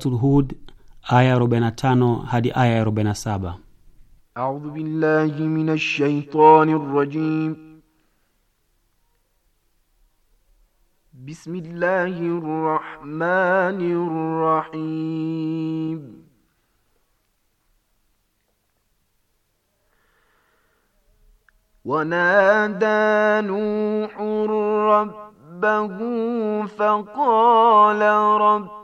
suratul hud aya ya 45 hadi aya ya 47 أعوذ بالله من الشيطان الرجيم بسم الله الرحمن الرحيم ونادى نوح ربه فقال رب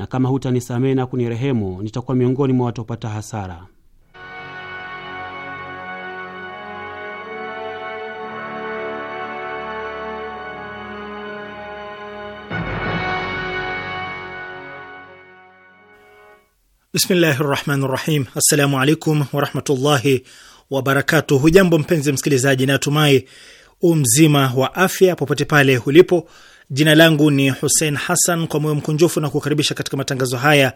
na kama hutanisamehe na kunirehemu nitakuwa miongoni mwa watu wapata hasara. Bismillahi rahmani rahim. Assalamu alaikum warahmatullahi wabarakatu. Hujambo mpenzi msikilizaji, natumai umzima wa afya popote pale ulipo Jina langu ni Hussein Hassan, kwa moyo mkunjufu na kukaribisha katika matangazo haya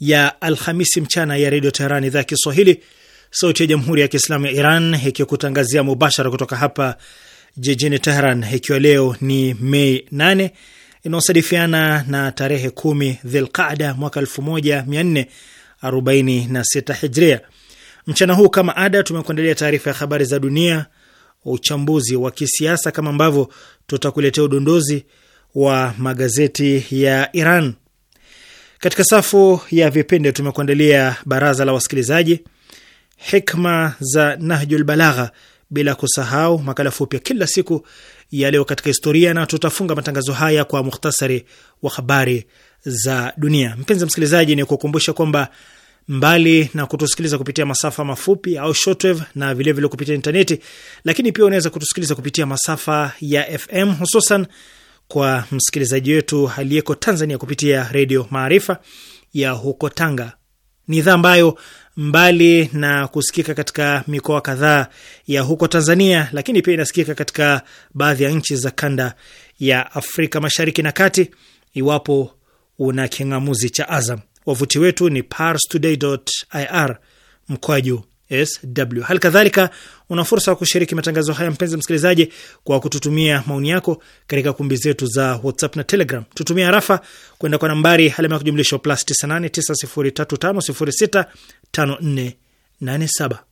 ya Alhamisi mchana ya Redio Teheran, idhaa ya Kiswahili, sauti ya Jamhuri ya Kiislamu ya Iran, ikikutangazia mubashara kutoka hapa jijini Teheran, ikiwa leo ni Mei 8 inaosadifiana na tarehe kumi Dhilqada mwaka 1446 Hijria. Mchana huu kama ada, tumekuandalia taarifa ya habari za dunia, uchambuzi wa kisiasa, kama ambavyo tutakuletea udondozi wa magazeti ya Iran. Katika safu ya vipindi tumekuandalia baraza la wasikilizaji, hikma za Nahjul Balagha, bila kusahau makala fupi ya kila siku ya leo katika historia, na tutafunga matangazo haya kwa muhtasari wa habari za dunia. Mpenzi msikilizaji, ni kukumbusha kwamba mbali na kutusikiliza kupitia masafa mafupi au shortwave na vilevile vile kupitia intaneti, lakini pia unaweza kutusikiliza kupitia masafa ya FM hususan kwa msikilizaji wetu aliyeko Tanzania kupitia Redio Maarifa ya huko Tanga. Ni idhaa ambayo mbali na kusikika katika mikoa kadhaa ya huko Tanzania, lakini pia inasikika katika baadhi ya nchi za kanda ya Afrika Mashariki na Kati, iwapo una king'amuzi cha Azam. Wavuti wetu ni parstoday.ir mkoa juu sw. Hali kadhalika una fursa ya kushiriki matangazo haya, mpenzi msikilizaji, kwa kututumia maoni yako katika kumbi zetu za WhatsApp na Telegram. Tutumia harafa kwenda kwa nambari alama ya kujumlisha plus 98 9035065487.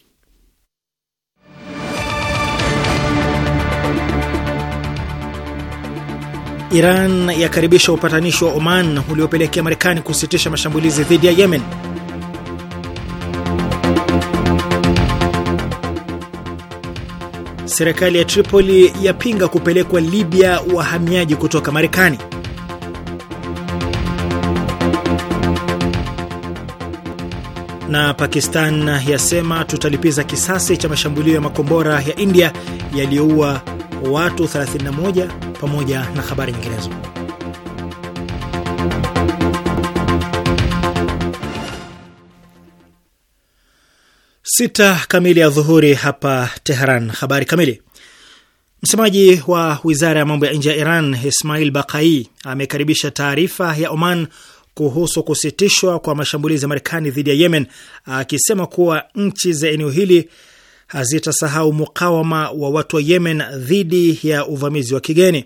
Iran yakaribisha upatanishi wa Oman uliopelekea Marekani kusitisha mashambulizi dhidi ya Yemen. Serikali ya Tripoli yapinga kupelekwa Libya wahamiaji kutoka Marekani. Na Pakistan yasema tutalipiza kisasi cha mashambulio ya makombora ya India yaliyoua watu 31 pamoja na habari nyinginezo. Sita kamili ya dhuhuri hapa Teheran. Habari kamili. Msemaji wa wizara ya mambo ya nje ya Iran Ismail Bakai amekaribisha taarifa ya Oman kuhusu kusitishwa kwa mashambulizi ya Marekani dhidi ya Yemen, akisema kuwa nchi za eneo hili hazitasahau mukawama wa watu wa Yemen dhidi ya uvamizi wa kigeni.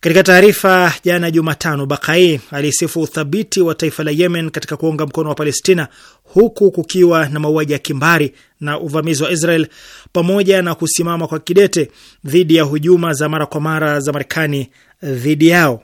Katika taarifa jana Jumatano, Bakai alisifu uthabiti wa taifa la Yemen katika kuunga mkono wa Palestina huku kukiwa na mauaji ya kimbari na uvamizi wa Israel pamoja na kusimama kwa kidete dhidi ya hujuma za mara kwa mara za Marekani dhidi yao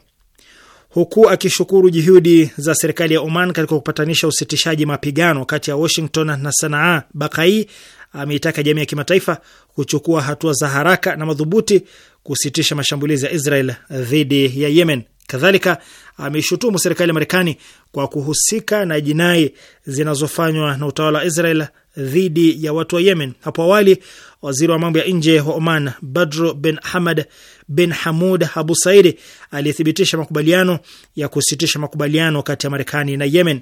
huku akishukuru juhudi za serikali ya Oman katika kupatanisha usitishaji mapigano kati ya Washington na Sanaa. Bakai ameitaka jamii ya kimataifa kuchukua hatua za haraka na madhubuti kusitisha mashambulizi ya Israel dhidi ya Yemen. Kadhalika ameshutumu serikali ya Marekani kwa kuhusika na jinai zinazofanywa na utawala wa Israel dhidi ya watu wa Yemen. Hapo awali waziri wa mambo ya nje wa Oman, Badru bin Hamad bin Hamud Abu Saidi, alithibitisha makubaliano ya kusitisha makubaliano kati ya Marekani na Yemen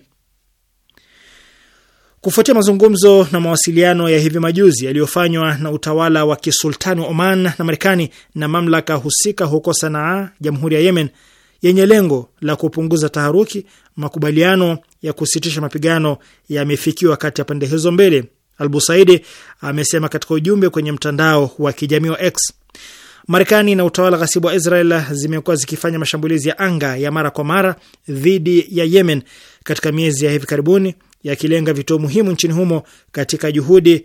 kufuatia mazungumzo na mawasiliano ya hivi majuzi yaliyofanywa na utawala wa kisultani wa Oman na Marekani na mamlaka husika huko Sanaa, jamhuri ya Yemen yenye lengo la kupunguza taharuki, makubaliano ya kusitisha mapigano yamefikiwa kati ya pande hizo mbili, Albusaidi amesema katika ujumbe kwenye mtandao wa kijamii wa X. Marekani na utawala ghasibu wa Israel zimekuwa zikifanya mashambulizi ya anga ya mara kwa mara dhidi ya Yemen katika miezi ya hivi karibuni, yakilenga vituo muhimu nchini humo katika juhudi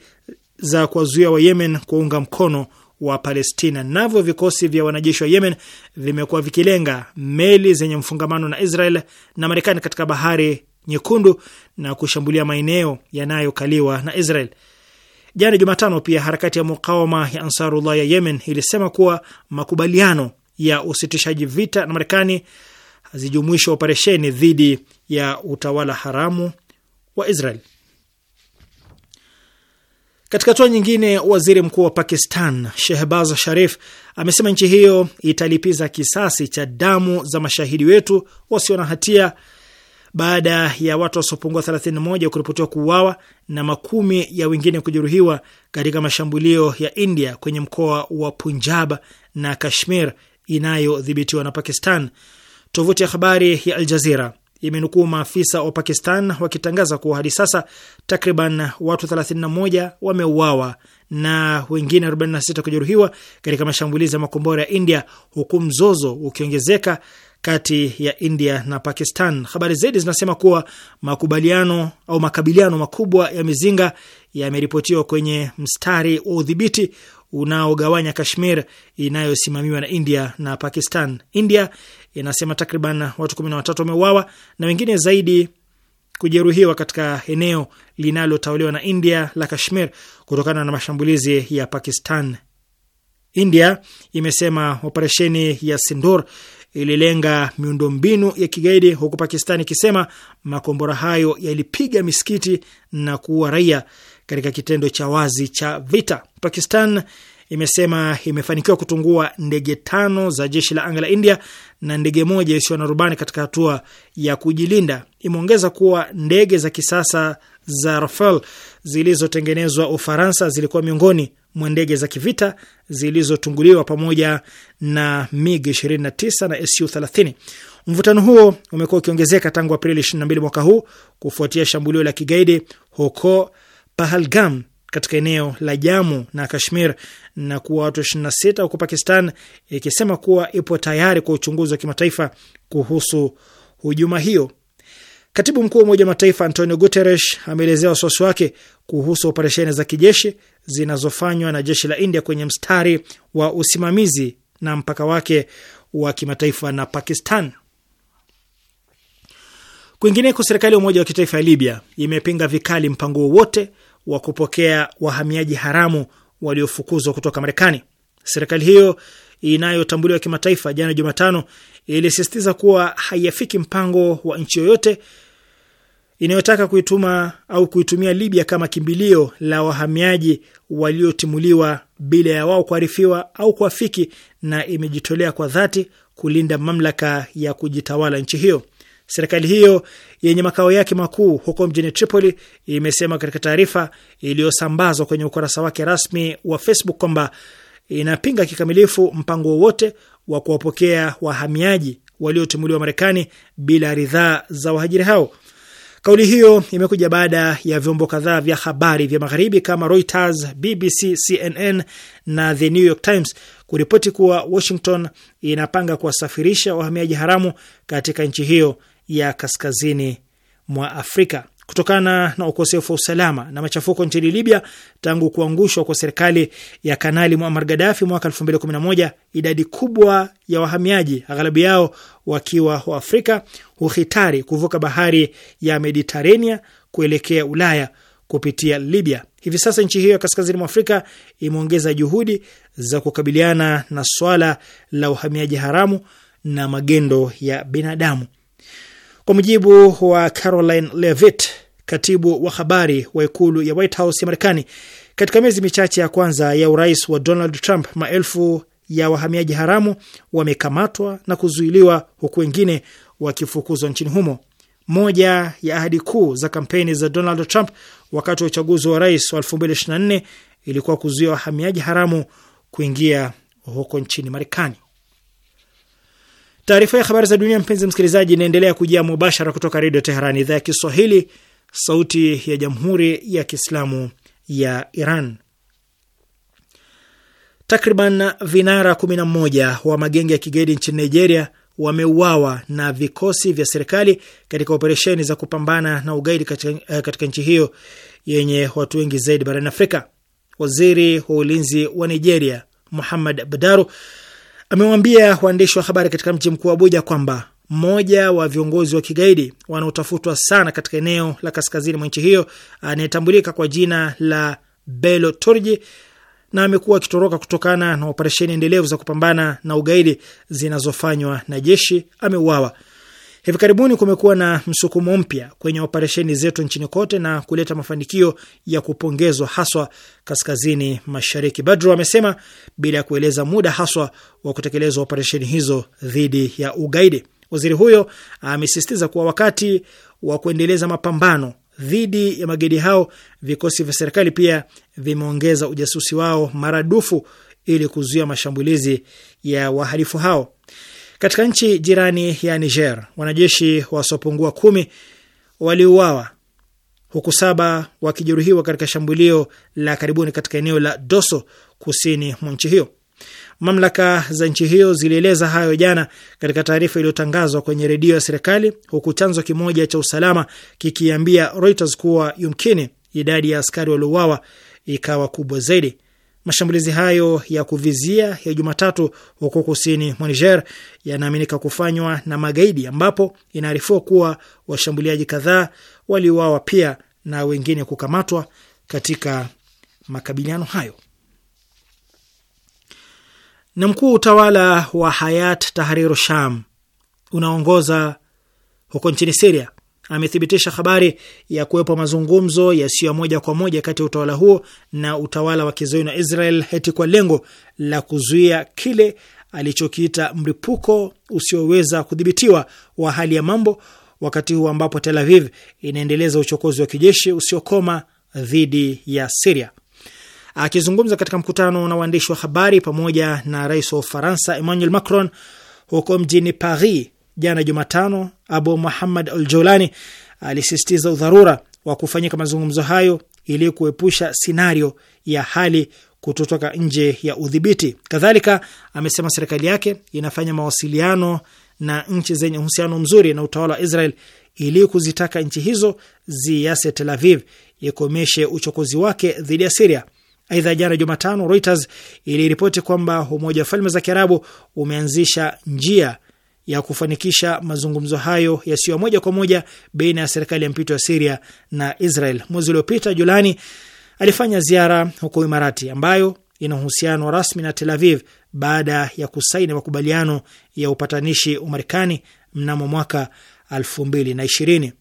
za kuwazuia wa Yemen kuunga mkono wa Palestina. Navyo vikosi vya wanajeshi wa Yemen vimekuwa vikilenga meli zenye mfungamano na Israel na Marekani katika bahari Nyekundu na kushambulia maeneo yanayokaliwa na Israel. Jana Jumatano pia harakati ya mukawama ya Ansarullah ya Yemen ilisema kuwa makubaliano ya usitishaji vita na Marekani hazijumuisha operesheni dhidi ya utawala haramu wa Israel. Katika hatua nyingine, waziri mkuu wa Pakistan Shehbaz Sharif amesema nchi hiyo italipiza kisasi cha damu za mashahidi wetu wasio na hatia baada ya watu wasiopungua 31 kuripotiwa kuuawa na makumi ya wengine kujeruhiwa katika mashambulio ya India kwenye mkoa wa Punjab na Kashmir inayodhibitiwa na Pakistan. Tovuti ya habari ya aljazira imenukuu maafisa wa Pakistan wakitangaza kuwa hadi sasa takriban watu 31 wameuawa na wengine 46 kujeruhiwa katika mashambulizi ya makombora ya India, huku mzozo ukiongezeka kati ya India na Pakistan. Habari zaidi zinasema kuwa makubaliano au makabiliano makubwa ya mizinga yameripotiwa kwenye mstari wa udhibiti unaogawanya Kashmir inayosimamiwa na India na Pakistan. India inasema takriban watu kumi na watatu wameuawa na wengine zaidi kujeruhiwa katika eneo linalotawaliwa na India la Kashmir kutokana na mashambulizi ya Pakistan. India imesema operesheni ya sindor ililenga miundombinu ya kigaidi, huku Pakistan ikisema makombora hayo yalipiga misikiti na kuua raia katika kitendo cha wazi cha vita. Pakistan imesema imefanikiwa kutungua ndege tano za jeshi la anga la India na ndege moja isiyo na rubani katika hatua ya kujilinda. Imeongeza kuwa ndege za kisasa za Rafale zilizotengenezwa Ufaransa zilikuwa miongoni mwa ndege za kivita zilizotunguliwa pamoja na MiG 29 na SU 30. Mvutano huo umekuwa ukiongezeka tangu Aprili 22 mwaka huu kufuatia shambulio la kigaidi huko Pahalgam katika eneo la Jamu na Kashmir na kuwa watu 26 huko Pakistan, ikisema kuwa ipo tayari kwa uchunguzi wa kimataifa kuhusu hujuma hiyo. Katibu mkuu wa Umoja wa Mataifa Antonio Guterres ameelezea wasiwasi wake kuhusu operesheni za kijeshi zinazofanywa na jeshi la India kwenye mstari wa usimamizi na mpaka wake wa kimataifa na Pakistan. Kwingineko, serikali ya umoja wa kitaifa ya Libya imepinga vikali mpango wowote wa kupokea wahamiaji haramu waliofukuzwa kutoka Marekani. Serikali hiyo inayotambuliwa kimataifa, jana Jumatano, ilisisitiza kuwa haiafiki mpango wa nchi yoyote inayotaka kuituma au kuitumia Libya kama kimbilio la wahamiaji waliotimuliwa bila ya wao kuarifiwa au kuafiki, na imejitolea kwa dhati kulinda mamlaka ya kujitawala nchi hiyo. Serikali hiyo yenye makao yake makuu huko mjini Tripoli imesema katika taarifa iliyosambazwa kwenye ukurasa wake rasmi wa Facebook kwamba inapinga kikamilifu mpango wowote wa kuwapokea wahamiaji waliotimuliwa Marekani bila ridhaa za wahajiri hao. Kauli hiyo imekuja baada ya vyombo kadhaa vya habari vya magharibi kama Reuters, BBC, CNN na The New York Times kuripoti kuwa Washington inapanga kuwasafirisha wahamiaji haramu katika nchi hiyo ya kaskazini mwa Afrika kutokana na ukosefu wa usalama na machafuko nchini Libya tangu kuangushwa kwa serikali ya Kanali Muammar Gaddafi mwaka 2011, idadi kubwa ya wahamiaji, aghalabu yao wakiwa afrika huhitari kuvuka bahari ya Mediterania kuelekea Ulaya kupitia Libya. Hivi sasa nchi hiyo ya kaskazini mwa Afrika imeongeza juhudi za kukabiliana na swala la uhamiaji haramu na magendo ya binadamu. Kwa mujibu wa Caroline Levitt, katibu wa habari wa ikulu ya White House ya Marekani, katika miezi michache ya kwanza ya urais wa Donald Trump, maelfu ya wahamiaji haramu wamekamatwa na kuzuiliwa huku wengine wakifukuzwa nchini humo. Moja ya ahadi kuu za kampeni za Donald Trump wakati wa uchaguzi wa rais wa 2024 ilikuwa kuzuia wahamiaji haramu kuingia huko nchini Marekani. Taarifa ya habari za dunia, mpenzi msikilizaji, inaendelea kujia mubashara kutoka Redio Teherani, idhaa ya Kiswahili, sauti ya jamhuri ya kiislamu ya Iran. Takriban vinara 11 wa magenge ya kigaidi nchini Nigeria wameuawa na vikosi vya serikali katika operesheni za kupambana na ugaidi katika, eh, katika nchi hiyo yenye watu wengi zaidi barani Afrika. Waziri wa ulinzi wa Nigeria Muhammad Badaru amewaambia waandishi wa habari katika mji mkuu wa Abuja kwamba mmoja wa viongozi wa kigaidi wanaotafutwa sana katika eneo la kaskazini mwa nchi hiyo anayetambulika kwa jina la Belo Turji na amekuwa akitoroka kutokana na operesheni endelevu za kupambana na ugaidi zinazofanywa na jeshi ameuawa. Hivi karibuni kumekuwa na msukumo mpya kwenye operesheni zetu nchini kote na kuleta mafanikio ya kupongezwa haswa kaskazini mashariki. Badru amesema bila ya kueleza muda haswa wa kutekelezwa operesheni hizo dhidi ya ugaidi. Waziri huyo amesisitiza kuwa wakati wa kuendeleza mapambano dhidi ya magaidi hao, vikosi vya serikali pia vimeongeza ujasusi wao maradufu ili kuzuia mashambulizi ya wahalifu hao. Katika nchi jirani ya Niger, wanajeshi wasiopungua kumi waliuawa huku saba wakijeruhiwa katika shambulio la karibuni katika eneo la Doso kusini mwa nchi hiyo. Mamlaka za nchi hiyo zilieleza hayo jana katika taarifa iliyotangazwa kwenye redio ya serikali, huku chanzo kimoja cha usalama kikiambia Reuters kuwa yumkini idadi ya askari waliouawa ikawa kubwa zaidi. Mashambulizi hayo ya kuvizia ya Jumatatu huko kusini mwa Niger yanaaminika kufanywa na magaidi, ambapo inaarifiwa kuwa washambuliaji kadhaa waliuawa pia na wengine kukamatwa katika makabiliano hayo. Na mkuu wa utawala wa Hayat Tahriru Sham unaongoza huko nchini Siria amethibitisha habari ya kuwepo mazungumzo yasiyo ya moja kwa moja kati ya utawala huo na utawala wa kizayuni wa Israel heti kwa lengo la kuzuia kile alichokiita mlipuko usioweza kudhibitiwa wa hali ya mambo, wakati huu ambapo Tel Aviv inaendeleza uchokozi wa kijeshi usiokoma dhidi ya Siria. Akizungumza katika mkutano na waandishi wa habari pamoja na rais wa Ufaransa Emmanuel Macron huko mjini Paris jana Jumatano, Abu Muhammad al Jolani alisisitiza udharura wa kufanyika mazungumzo hayo ili kuepusha sinario ya hali kutotoka nje ya udhibiti. Kadhalika amesema serikali yake inafanya mawasiliano na nchi zenye uhusiano mzuri na utawala wa Israel ili kuzitaka nchi hizo ziase Tel Aviv ikomeshe uchokozi wake dhidi ya Siria. Aidha, jana Jumatano, Reuters iliripoti kwamba Umoja wa Falme za Kiarabu umeanzisha njia ya kufanikisha mazungumzo hayo yasiyo ya moja kwa moja baina ya serikali ya mpito ya Siria na Israel. Mwezi uliopita Julani alifanya ziara huko Imarati ambayo ina uhusiano rasmi na Tel Aviv baada ya kusaini makubaliano ya upatanishi Umarekani mnamo mwaka 2020.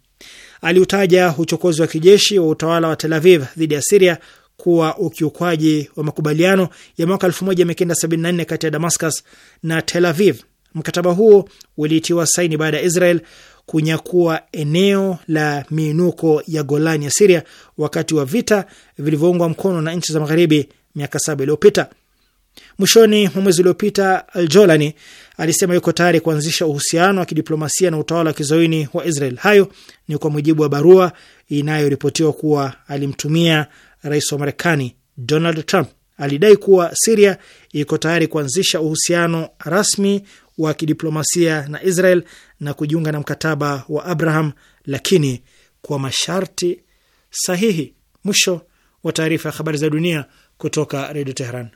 Aliutaja uchokozi wa kijeshi wa utawala wa Tel Aviv dhidi ya Siria kuwa ukiukwaji wa makubaliano ya mwaka 1974 kati ya Damascus na Tel Aviv Mkataba huo uliitiwa saini baada ya Israel kunyakua eneo la miinuko ya Golani ya Siria wakati wa vita vilivyoungwa mkono na nchi za magharibi miaka saba iliyopita. Mwishoni mwa mwezi uliopita, Al Jolani alisema yuko tayari kuanzisha uhusiano wa kidiplomasia na utawala wa kizoini wa Israel. Hayo ni kwa mujibu wa barua inayoripotiwa kuwa alimtumia rais wa Marekani Donald Trump. Alidai kuwa Siria iko tayari kuanzisha uhusiano rasmi wa kidiplomasia na Israel na kujiunga na mkataba wa Abraham, lakini kwa masharti sahihi. Mwisho wa taarifa ya habari za dunia kutoka Redio Teheran.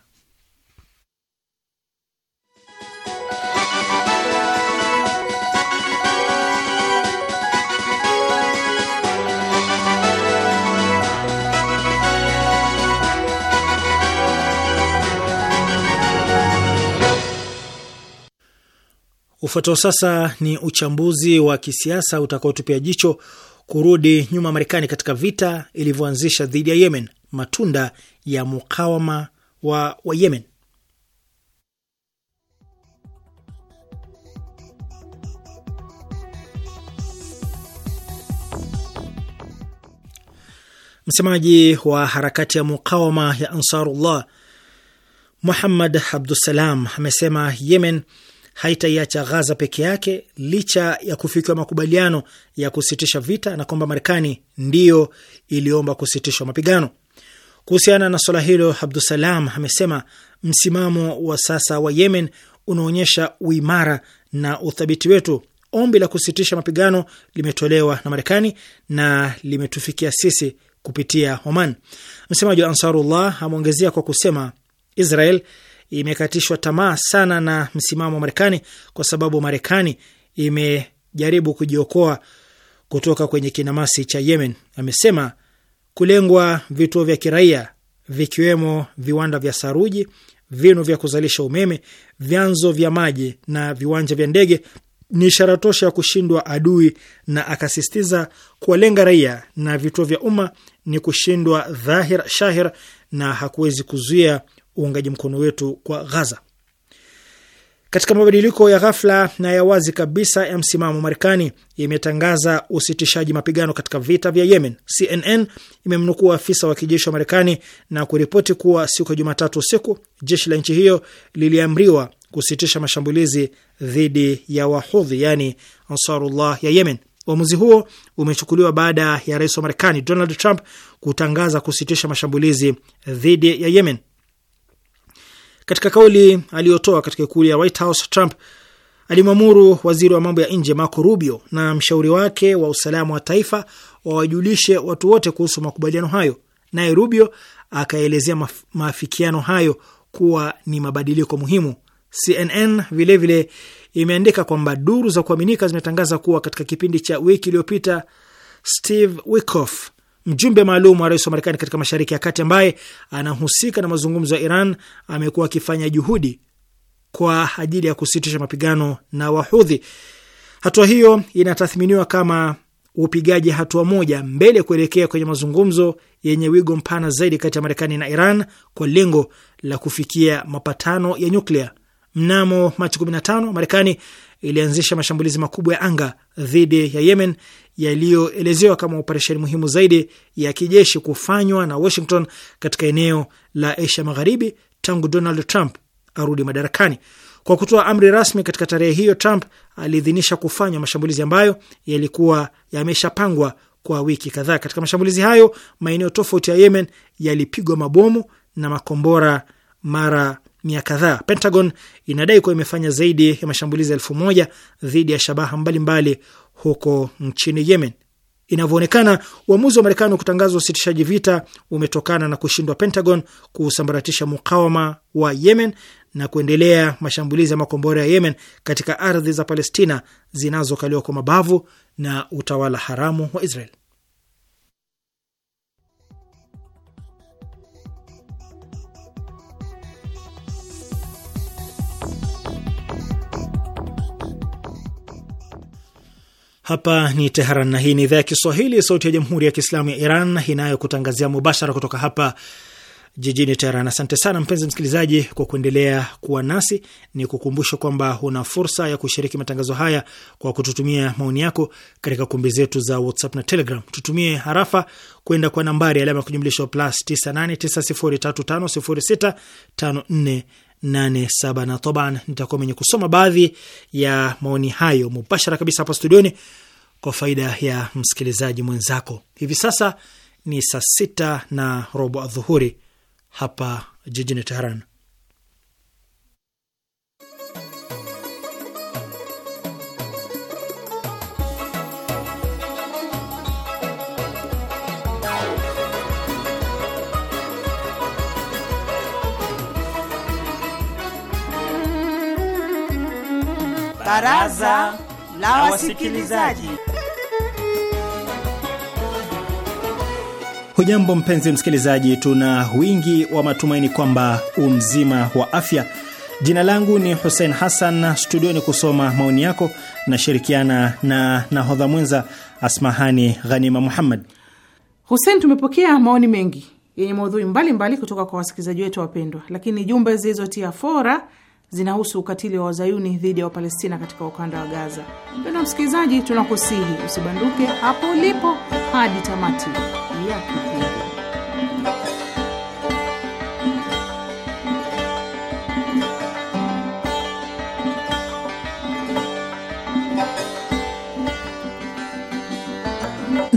Ufuatao sasa ni uchambuzi wa kisiasa utakaotupia jicho kurudi nyuma Marekani katika vita ilivyoanzisha dhidi ya Yemen, matunda ya mukawama wa, wa Yemen. Msemaji wa harakati ya mukawama ya Ansarullah Muhammad Abdusalam amesema Yemen haitaiacha Ghaza peke yake licha ya kufikiwa makubaliano ya kusitisha vita na kwamba Marekani ndiyo iliomba kusitishwa mapigano. Kuhusiana na swala hilo, Abdusalam amesema msimamo wa sasa wa Yemen unaonyesha uimara na uthabiti wetu. Ombi la kusitisha mapigano limetolewa na Marekani na limetufikia sisi kupitia Oman. Msemaji wa Ansarullah ameongezea kwa kusema Israel imekatishwa tamaa sana na msimamo wa Marekani kwa sababu Marekani imejaribu kujiokoa kutoka kwenye kinamasi cha Yemen. Amesema kulengwa vituo vya kiraia vikiwemo viwanda vya saruji, vinu vya kuzalisha umeme, vyanzo vya maji na viwanja vya ndege ni ishara tosha ya kushindwa adui, na akasisitiza kuwalenga raia na vituo vya umma ni kushindwa dhahir shahir, na hakuwezi kuzuia uungaji mkono wetu kwa Ghaza. Katika mabadiliko ya ghafla na ya wazi kabisa ya msimamo, Marekani imetangaza usitishaji mapigano katika vita vya Yemen. CNN imemnukuu afisa wa kijeshi wa Marekani na kuripoti kuwa siku ya Jumatatu usiku jeshi la nchi hiyo liliamriwa kusitisha mashambulizi dhidi ya Wahudhi, yani Ansarullah ya Yemen. Uamuzi huo umechukuliwa baada ya rais wa Marekani Donald Trump kutangaza kusitisha mashambulizi dhidi ya Yemen. Katika kauli aliyotoa katika ikulu ya White House, Trump alimwamuru waziri wa mambo ya nje Marco Rubio na mshauri wake wa usalama wa taifa wawajulishe watu wote kuhusu makubaliano hayo, naye Rubio akaelezea maafikiano hayo kuwa ni mabadiliko muhimu. CNN vilevile vile imeandika kwamba duru za kuaminika zimetangaza kuwa katika kipindi cha wiki iliyopita Steve Witkoff Mjumbe maalum wa rais wa Marekani katika Mashariki ya Kati ambaye anahusika na mazungumzo ya Iran amekuwa akifanya juhudi kwa ajili ya kusitisha mapigano na Wahudhi. Hatua hiyo inatathminiwa kama upigaji hatua moja mbele kuelekea kwenye mazungumzo yenye wigo mpana zaidi kati ya Marekani na Iran kwa lengo la kufikia mapatano ya nyuklia. Mnamo Machi 15 Marekani ilianzisha mashambulizi makubwa ya anga dhidi ya Yemen yaliyoelezewa kama operesheni muhimu zaidi ya kijeshi kufanywa na Washington katika eneo la Asia Magharibi tangu Donald Trump arudi madarakani. Kwa kutoa amri rasmi katika tarehe hiyo, Trump aliidhinisha kufanywa mashambulizi ambayo yalikuwa yameshapangwa kwa wiki kadhaa. Katika mashambulizi hayo, maeneo tofauti ya Yemen yalipigwa mabomu na makombora mara mia kadhaa. Pentagon inadai kuwa imefanya zaidi ya mashambulizi elfu moja dhidi ya shabaha mbalimbali mbali huko nchini Yemen. Inavyoonekana, uamuzi wa Marekani wa kutangaza usitishaji vita umetokana na kushindwa Pentagon kusambaratisha mukawama wa Yemen na kuendelea mashambulizi ya makombora ya Yemen katika ardhi za Palestina zinazokaliwa kwa mabavu na utawala haramu wa Israel. Hapa ni Teheran na hii ni idhaa ya Kiswahili, sauti ya jamhuri ya kiislamu ya Iran inayokutangazia mubashara kutoka hapa jijini Teheran. Asante sana mpenzi msikilizaji kwa kuendelea kuwa nasi. Ni kukumbusha kwamba una fursa ya kushiriki matangazo haya kwa kututumia maoni yako katika kumbi zetu za WhatsApp na Telegram. Tutumie harafa kwenda kwa nambari alama ya kujumlisha plus 9890350654 87 na taban, nitakuwa mwenye kusoma baadhi ya maoni hayo mubashara kabisa hapa studioni kwa faida ya msikilizaji mwenzako. Hivi sasa ni saa sita na robo adhuhuri hapa jijini Tehran. Baraza la Wasikilizaji. Hujambo mpenzi msikilizaji, tuna wingi wa matumaini kwamba umzima wa afya. Jina langu ni Hussein Hassan, studioni kusoma maoni yako nashirikiana na nahodha mwenza Asmahani Ghanima Muhammad. Hussein, tumepokea maoni mengi yenye maudhui mbalimbali kutoka kwa wasikilizaji wetu wapendwa, lakini jumbe zilizotia fora zinahusu ukatili wa wazayuni dhidi ya Wapalestina katika ukanda wa Gaza. Mpendwa msikilizaji, tunakusihi usibanduke hapo ulipo hadi tamati ya kipindi.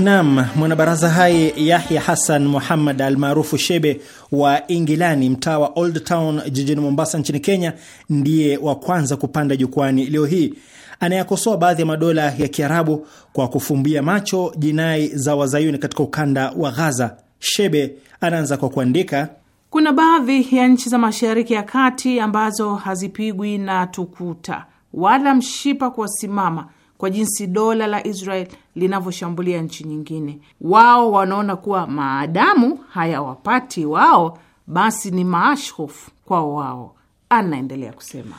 Naam, mwanabaraza hai Yahya Hassan Muhammad almaarufu Shebe wa Ingilani, mtaa wa Old Town jijini Mombasa nchini Kenya, ndiye wa kwanza kupanda jukwani leo hii. Anayakosoa baadhi ya madola ya Kiarabu kwa kufumbia macho jinai za wazayuni katika ukanda wa Ghaza. Shebe anaanza kwa kuandika kuna baadhi ya nchi za Mashariki ya Kati ambazo hazipigwi na tukuta wala mshipa kuwasimama kwa jinsi dola la Israel linavyoshambulia nchi nyingine. Wao wanaona kuwa maadamu hayawapati wao, basi ni maashhof kwao wao. Anaendelea kusema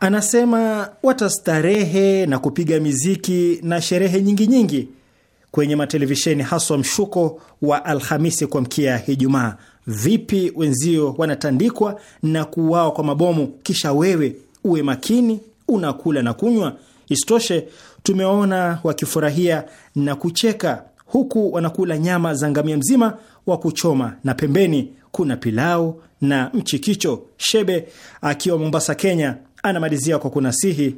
anasema, watastarehe na kupiga miziki na sherehe nyingi nyingi kwenye matelevisheni, haswa mshuko wa Alhamisi kuamkia Ijumaa. Vipi wenzio wanatandikwa na kuuawa kwa mabomu, kisha wewe uwe makini, unakula na kunywa? Isitoshe, tumewaona wakifurahia na kucheka huku wanakula nyama za ngamia mzima wa kuchoma, na pembeni kuna pilau na mchikicho. Shebe akiwa Mombasa, Kenya, anamalizia kwa kunasihi,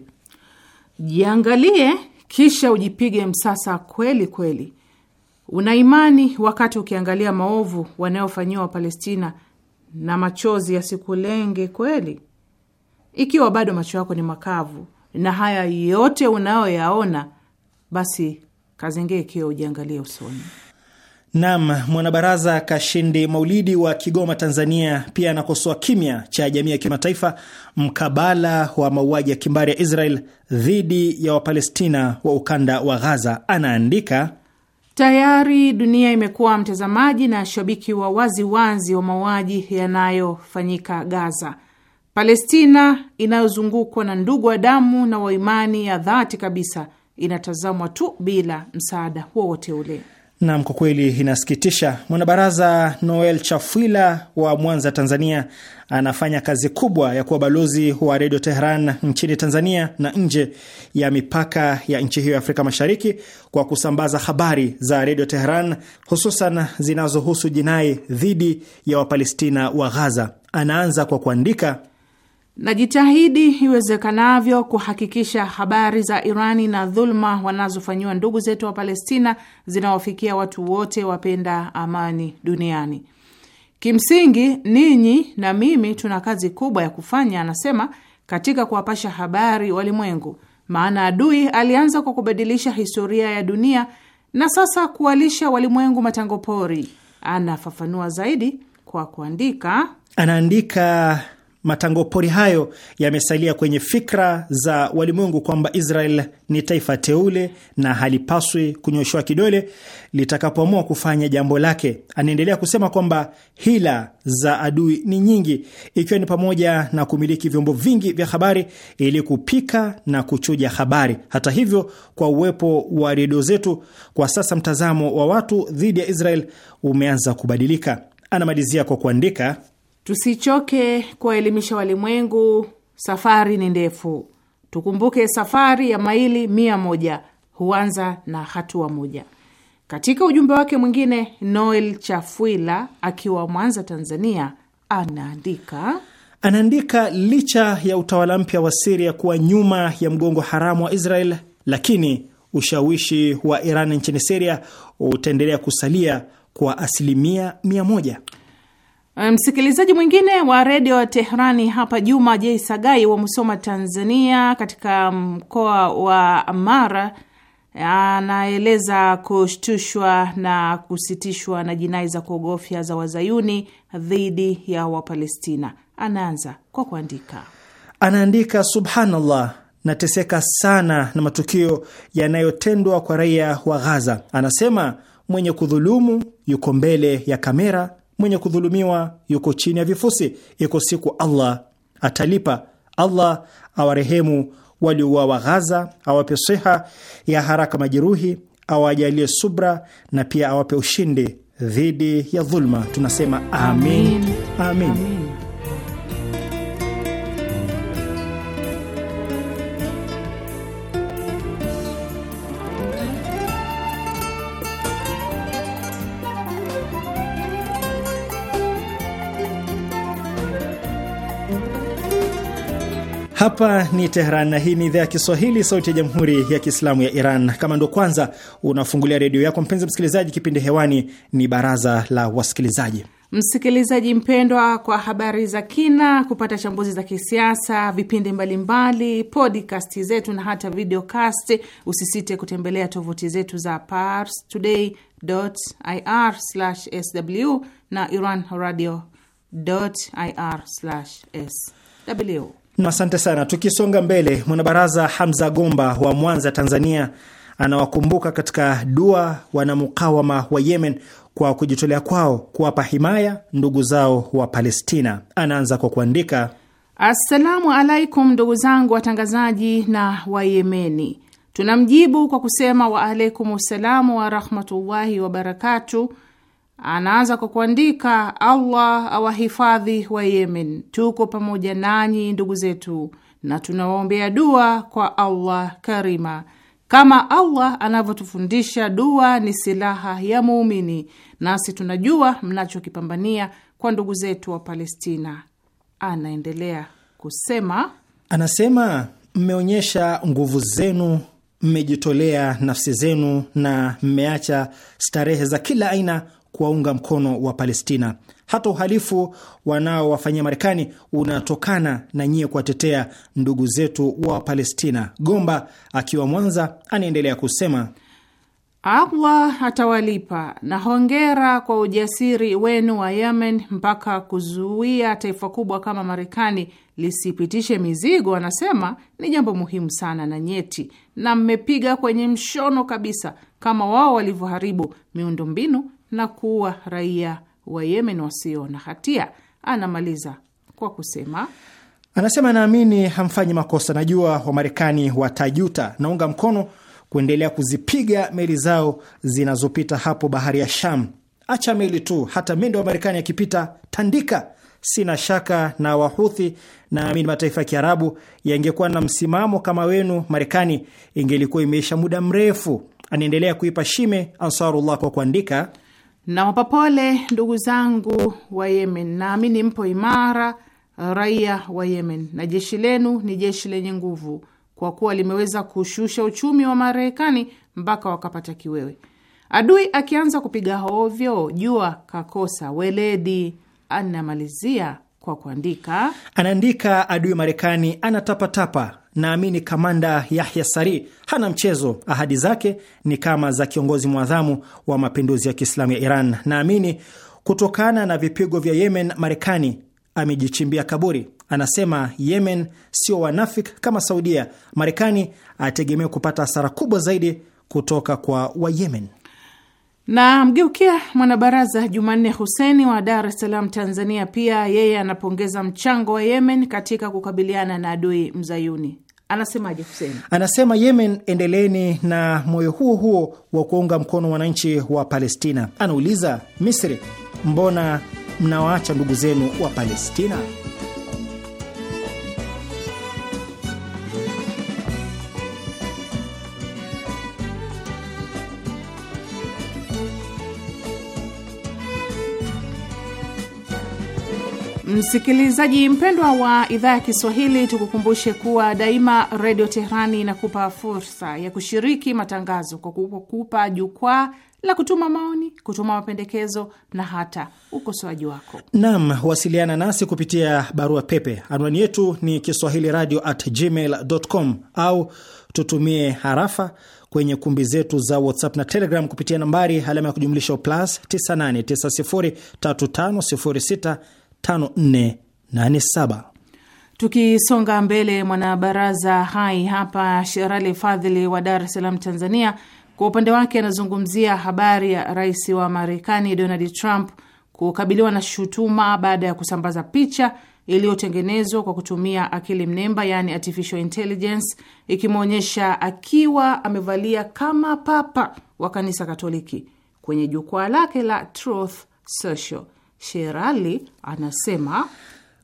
jiangalie kisha ujipige msasa kweli kweli. Una imani wakati ukiangalia maovu wanayofanyiwa Wapalestina na machozi yasikulenge kweli? Ikiwa bado macho yako ni makavu na haya yote unayoyaona, basi kazengee kio ujiangalie usoni. Nam mwanabaraza Kashindi Maulidi wa Kigoma, Tanzania, pia anakosoa kimya cha jamii ya kimataifa mkabala wa mauaji ya kimbari ya Israel dhidi ya Wapalestina wa ukanda wa Ghaza. Anaandika, tayari dunia imekuwa mtazamaji na shabiki wa waziwazi wa mauaji yanayofanyika Gaza. Palestina inayozungukwa na ndugu wa damu na waimani ya dhati kabisa inatazamwa tu bila msaada wowote ule. Nam, kwa kweli inasikitisha. Mwanabaraza Noel Chafwila wa Mwanza, Tanzania, anafanya kazi kubwa ya kuwa balozi wa Redio Teheran nchini Tanzania na nje ya mipaka ya nchi hiyo ya Afrika Mashariki kwa kusambaza habari za Redio Teheran, hususan zinazohusu jinai dhidi ya Wapalestina wa Ghaza. Anaanza kwa kuandika Najitahidi iwezekanavyo kuhakikisha habari za Irani na dhuluma wanazofanyiwa ndugu zetu wa Palestina zinawafikia watu wote wapenda amani duniani. Kimsingi, ninyi na mimi tuna kazi kubwa ya kufanya, anasema, katika kuwapasha habari walimwengu, maana adui alianza kwa kubadilisha historia ya dunia na sasa kuwalisha walimwengu matango pori. Anafafanua zaidi kwa kuandika, anaandika matango pori hayo yamesalia kwenye fikra za walimwengu kwamba Israel ni taifa teule na halipaswi kunyoshewa kidole litakapoamua kufanya jambo lake. Anaendelea kusema kwamba hila za adui ni nyingi, ikiwa ni pamoja na kumiliki vyombo vingi vya habari ili kupika na kuchuja habari. Hata hivyo, kwa uwepo wa redio zetu, kwa sasa mtazamo wa watu dhidi ya Israel umeanza kubadilika. Anamalizia kwa kuandika Tusichoke kuwaelimisha walimwengu, safari ni ndefu. Tukumbuke safari ya maili mia moja huanza na hatua moja. Katika ujumbe wake mwingine, Noel Chafuila akiwa Mwanza, Tanzania, anaandika anaandika licha ya utawala mpya wa Siria kuwa nyuma ya mgongo haramu wa Israel, lakini ushawishi wa Iran nchini Siria utaendelea kusalia kwa asilimia mia moja. Eh, msikilizaji mwingine wa redio tehrani Teherani hapa Juma Jei Sagai wa Musoma, Tanzania, katika mkoa wa Mara anaeleza kushtushwa na kusitishwa na jinai za kuogofya za wazayuni dhidi ya Wapalestina. Anaanza kwa kuandika, anaandika subhanallah, nateseka sana na matukio yanayotendwa kwa raia wa Ghaza. Anasema mwenye kudhulumu yuko mbele ya kamera mwenye kudhulumiwa yuko chini ya vifusi. Iko siku Allah atalipa. Allah awarehemu waliouawa Ghaza, awape siha ya haraka majeruhi, awajalie subra na pia awape ushindi dhidi ya dhulma. Tunasema amin, amin, amin. Hapa ni Tehran na hii ni idhaa ya Kiswahili, sauti ya jamhuri ya kiislamu ya Iran. Kama ndo kwanza unafungulia redio yako, mpenzi msikilizaji, kipindi hewani ni baraza la wasikilizaji. Msikilizaji mpendwa, kwa habari za kina, kupata chambuzi za kisiasa, vipindi mbalimbali, podcast zetu na hata videocast, usisite kutembelea tovuti zetu za pars ir sw na ir sw Asante sana. Tukisonga mbele, mwanabaraza Hamza Gomba wa Mwanza, Tanzania, anawakumbuka katika dua wanamukawama wa Yemen kwa kujitolea kwao kuwapa himaya ndugu zao wa Palestina. Anaanza kwa kuandika, assalamu alaikum, ndugu zangu watangazaji na Wayemeni. Tunamjibu kwa kusema wa alaikum warahmatullahi wabarakatu Anaanza kwa kuandika: Allah awahifadhi wa Yemen, tuko pamoja nanyi ndugu zetu, na tunawaombea dua kwa Allah Karima, kama Allah anavyotufundisha. Dua ni silaha ya muumini, nasi tunajua mnachokipambania kwa ndugu zetu wa Palestina. Anaendelea kusema, anasema mmeonyesha nguvu zenu, mmejitolea nafsi zenu, na mmeacha starehe za kila aina kuwaunga mkono wa Palestina. Hata uhalifu wanaowafanyia Marekani unatokana na nyie kuwatetea ndugu zetu wa Palestina. Gomba akiwa Mwanza anaendelea kusema Allah atawalipa na hongera kwa ujasiri wenu wa Yemen mpaka kuzuia taifa kubwa kama Marekani lisipitishe mizigo, anasema ni jambo muhimu sana na nyeti, na mmepiga kwenye mshono kabisa, kama wao walivyoharibu miundombinu na kuua raia wa Yemen wasio na hatia. Anamaliza kwa kusema anasema, naamini hamfanyi makosa, najua Wamarekani watajuta. Naunga mkono kuendelea kuzipiga meli zao zinazopita hapo bahari ya Sham. Acha meli tu, hata mendo wa Marekani akipita tandika. Sina shaka na Wahuthi. Naamini mataifa ya Kiarabu yangekuwa na msimamo kama wenu, Marekani ingelikuwa imeisha muda mrefu. Anaendelea kuipa shime Ansarullah kwa kuandika Nawapa pole ndugu zangu wa Yemen, naamini mpo imara, raia wa Yemen, na jeshi lenu ni jeshi lenye nguvu, kwa kuwa limeweza kushusha uchumi wa Marekani mpaka wakapata kiwewe. Adui akianza kupiga hovyo, jua kakosa weledi. Anamalizia kwa kuandika, anaandika adui Marekani anatapatapa naamini kamanda Yahya Sari hana mchezo, ahadi zake ni kama za kiongozi mwadhamu wa mapinduzi ya Kiislamu ya Iran. Naamini kutokana na vipigo vya Yemen, Marekani amejichimbia kaburi. Anasema Yemen sio wanafik kama Saudia. Marekani ategemea kupata hasara kubwa zaidi kutoka kwa Wayemen. Na mgeukia mwanabaraza Jumanne Huseni wa Dar es Salaam, Tanzania. Pia yeye anapongeza mchango wa Yemen katika kukabiliana na adui mzayuni. Anasemaje Hussein? Anasema Yemen, endeleni na moyo huo huo wa kuunga mkono wananchi wa Palestina. Anauliza Misri, mbona mnawaacha ndugu zenu wa Palestina? Msikilizaji mpendwa wa idhaa ya Kiswahili, tukukumbushe kuwa daima Redio Teherani inakupa fursa ya kushiriki matangazo kwa kukupa jukwaa la kutuma maoni, kutuma mapendekezo na hata ukosoaji wako. Naam, wasiliana nasi kupitia barua pepe. Anwani yetu ni kiswahili radio at gmail com, au tutumie harafa kwenye kumbi zetu za WhatsApp na Telegram kupitia nambari alama ya kujumlisha plus 98903506 5487. Tukisonga mbele, mwanabaraza hai hapa Sherali Fadhili wa Dar es Salaam, Tanzania, kwa upande wake anazungumzia habari ya rais wa Marekani Donald Trump kukabiliwa na shutuma baada ya kusambaza picha iliyotengenezwa kwa kutumia akili mnemba, yani artificial intelligence, ikimwonyesha akiwa amevalia kama papa wa kanisa Katoliki kwenye jukwaa lake la Truth Social. Sherali anasema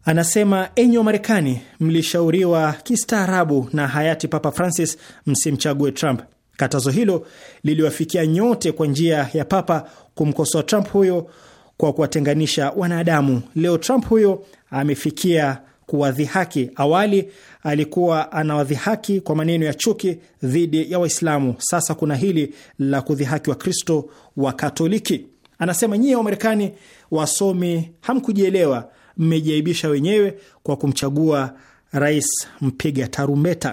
anasema enyi wa Marekani, mlishauriwa kistaarabu na hayati Papa Francis msimchague Trump. Katazo hilo liliwafikia nyote kwa njia ya Papa kumkosoa Trump huyo kwa kuwatenganisha wanadamu. Leo Trump huyo amefikia kuwadhihaki. Awali alikuwa anawadhihaki kwa maneno ya chuki dhidi ya Waislamu, sasa kuna hili la kudhihaki Wakristo wa Katoliki. Anasema nyie Wamarekani wasomi hamkujielewa, mmejiaibisha wenyewe kwa kumchagua rais mpiga tarumbeta.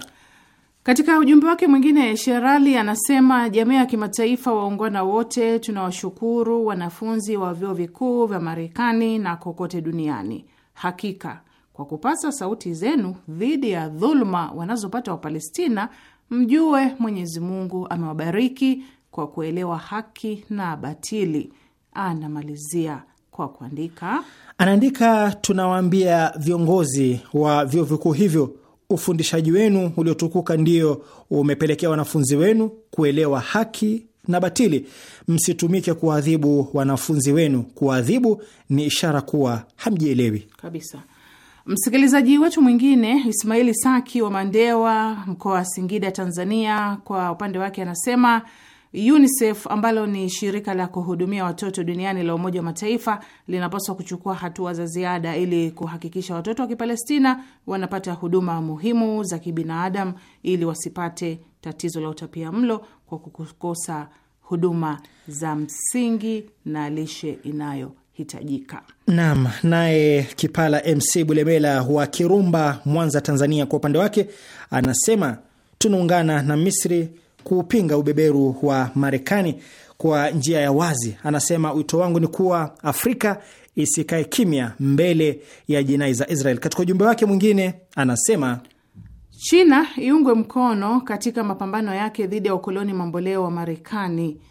Katika ujumbe wake mwingine, Sherali anasema jamii ya kimataifa, waungwana wote, tunawashukuru wanafunzi wa vyuo vikuu vya Marekani na kokote duniani, hakika kwa kupasa sauti zenu dhidi ya dhuluma wanazopata Wapalestina, mjue Mwenyezi Mungu amewabariki kwa kuelewa haki na batili. Anamalizia kwa kuandika, anaandika: tunawaambia viongozi wa vyuo vikuu hivyo, ufundishaji wenu uliotukuka ndio umepelekea wanafunzi wenu kuelewa haki na batili. Msitumike kuwaadhibu wanafunzi wenu, kuwaadhibu ni ishara kuwa hamjielewi kabisa. Msikilizaji wetu mwingine Ismaili Saki wa Mandewa, mkoa wa Singida, Tanzania, kwa upande wake anasema UNICEF ambalo ni shirika la kuhudumia watoto duniani la Umoja wa Mataifa linapaswa kuchukua hatua za ziada ili kuhakikisha watoto wa Kipalestina wanapata huduma muhimu za kibinadamu ili wasipate tatizo la utapia mlo kwa kukosa huduma za msingi na lishe inayo Naam, naye Kipala MC Bulemela wa Kirumba, Mwanza, Tanzania, kwa upande wake anasema tunaungana na Misri kuupinga ubeberu wa Marekani kwa njia ya wazi. Anasema wito wangu ni kuwa Afrika isikae kimya mbele ya jinai za Israel. Katika ujumbe wake mwingine anasema China iungwe mkono katika mapambano yake dhidi ya ukoloni mamboleo wa Marekani.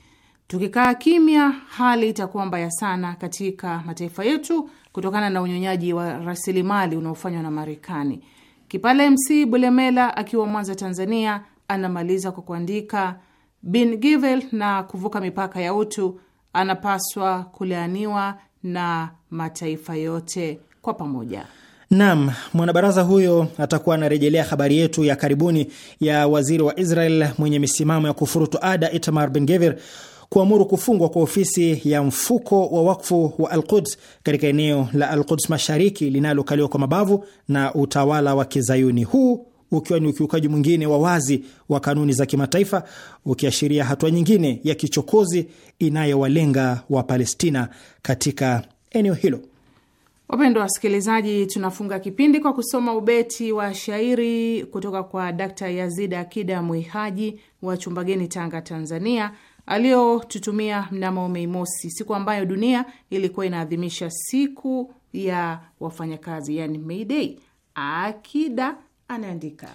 Tukikaa kimya, hali itakuwa mbaya sana katika mataifa yetu kutokana na unyonyaji wa rasilimali unaofanywa na Marekani. Kipale MC Bulemela akiwa Mwanza, Tanzania, Anamaliza kwa kuandika, Bin Givel na kuvuka mipaka ya utu anapaswa kulaaniwa na mataifa yote kwa pamoja. Naam, mwanabaraza huyo atakuwa anarejelea habari yetu ya karibuni ya waziri wa Israel mwenye misimamo ya kufurutu ada Itamar Ben Gvir kuamuru kufungwa kwa ofisi ya mfuko wa wakfu wa Al-Quds katika eneo la Al-Quds Mashariki linalokaliwa kwa mabavu na utawala wa Kizayuni. Huu ukiwa ni ukiukaji mwingine wa wazi wa kanuni za kimataifa, ukiashiria hatua nyingine ya kichokozi inayowalenga Wapalestina katika eneo hilo. Wapendwa wasikilizaji, tunafunga kipindi kwa kusoma ubeti wa shairi kutoka kwa Dakta Yazid Akida Mwihaji wa Chumbageni, Tanga, Tanzania, aliyotutumia mnamo Mei Mosi, siku ambayo dunia ilikuwa inaadhimisha siku ya wafanyakazi, yani May Day. Akida anaandika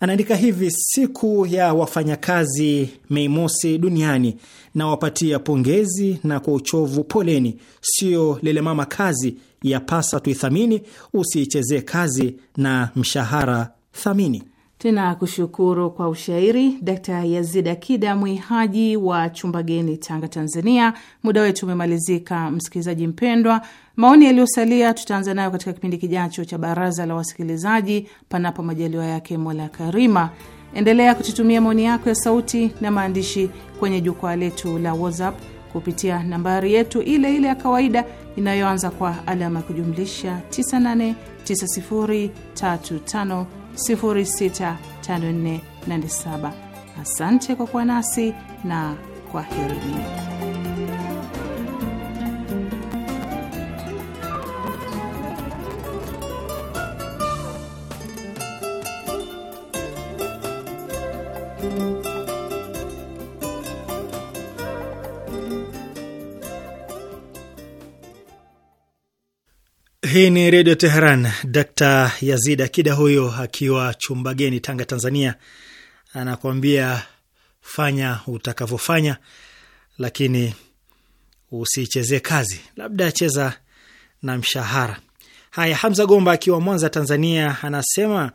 anaandika hivi: siku ya wafanyakazi Mei Mosi duniani, na wapatia pongezi na kwa uchovu poleni. Sio lelemama kazi, yapasa tuithamini, usiichezee kazi na mshahara thamini. Tuna kushukuru kwa ushairi Dkt. Yazid Akida Mwihaji wa Chumbageni, Tanga, Tanzania. Muda wetu umemalizika, msikilizaji mpendwa. Maoni yaliyosalia tutaanza nayo katika kipindi kijacho cha Baraza la Wasikilizaji, panapo majaliwa yake Mola Karima. Endelea kututumia maoni yako ya sauti na maandishi kwenye jukwaa letu la WhatsApp kupitia nambari yetu ile ile ya kawaida inayoanza kwa alama ya kujumlisha 989035 065487. Asante kwa kuwa nasi na kwaherini. Hii ni Redio Teheran. Dakta Yazid Akida huyo akiwa Chumbageni, Tanga, Tanzania, anakuambia fanya utakavyofanya, lakini usichezee kazi, labda cheza na mshahara. Haya, Hamza Gomba akiwa Mwanza, Tanzania, anasema